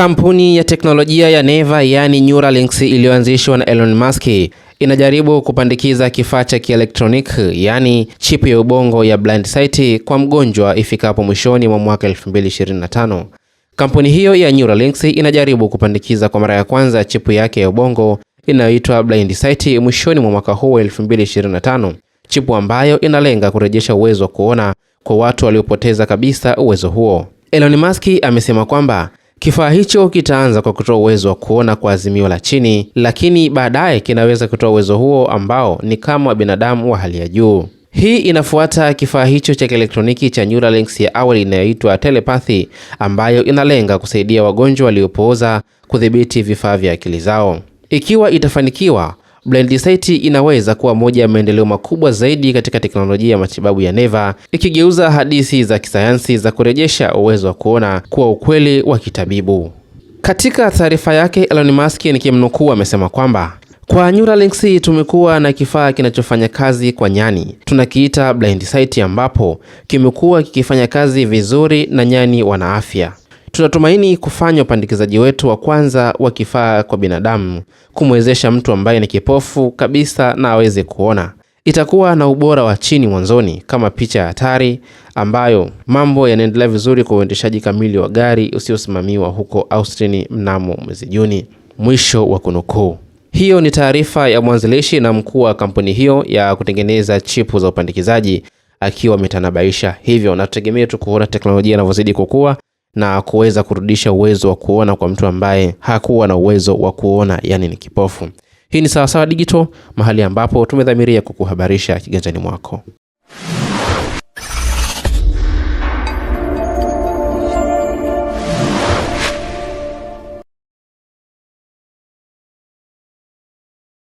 Kampuni ya teknolojia ya neva yaani Neuralink iliyoanzishwa na Elon Musk inajaribu kupandikiza kifaa cha kielektroniki yaani chipu ya ubongo ya sight kwa mgonjwa ifikapo mwishoni mwa mwaka 2025. Kampuni hiyo ya Neuralink inajaribu kupandikiza kwa mara ya kwanza chipu yake ya ubongo inayoitwa sight mwishoni mwa mwaka huu 2025, chipu ambayo inalenga kurejesha uwezo wa kuona kwa watu waliopoteza kabisa uwezo huo. Elon Musk amesema kwamba Kifaa hicho kitaanza kwa kutoa uwezo wa kuona kwa azimio la chini, lakini baadaye kinaweza kutoa uwezo huo ambao ni kama wa binadamu wa hali ya juu. Hii inafuata kifaa hicho cha kielektroniki cha Neuralink ya awali inayoitwa telepathy, ambayo inalenga kusaidia wagonjwa waliopooza kudhibiti vifaa vya akili zao. Ikiwa itafanikiwa, Blind Sight inaweza kuwa moja ya maendeleo makubwa zaidi katika teknolojia ya matibabu ya neva, ikigeuza hadithi za kisayansi za kurejesha uwezo wa kuona kuwa ukweli wa kitabibu. Katika taarifa yake, Elon Musk nikimnukuu, amesema kwamba kwa Neuralinks tumekuwa na kifaa kinachofanya kazi kwa nyani, tunakiita Blind Sight, ambapo kimekuwa kikifanya kazi vizuri na nyani wana afya. Tunatumaini kufanya upandikizaji wetu wa kwanza wa kifaa kwa binadamu kumwezesha mtu ambaye ni kipofu kabisa na aweze kuona. Itakuwa na ubora wa chini mwanzoni kama picha ya hatari ambayo mambo yanaendelea vizuri kwa uendeshaji kamili wa gari usiosimamiwa huko Austin mnamo mwezi Juni. Mwisho wa kunukuu. Hiyo ni taarifa ya mwanzilishi na mkuu wa kampuni hiyo ya kutengeneza chipu za upandikizaji akiwa ametanabaisha hivyo, na tutegemee tu kuona teknolojia inavyozidi kukua na kuweza kurudisha uwezo wa kuona kwa mtu ambaye hakuwa na uwezo wa kuona, yani ni kipofu. Hii ni Sawasawa Digital, mahali ambapo tumedhamiria kukuhabarisha kiganjani mwako.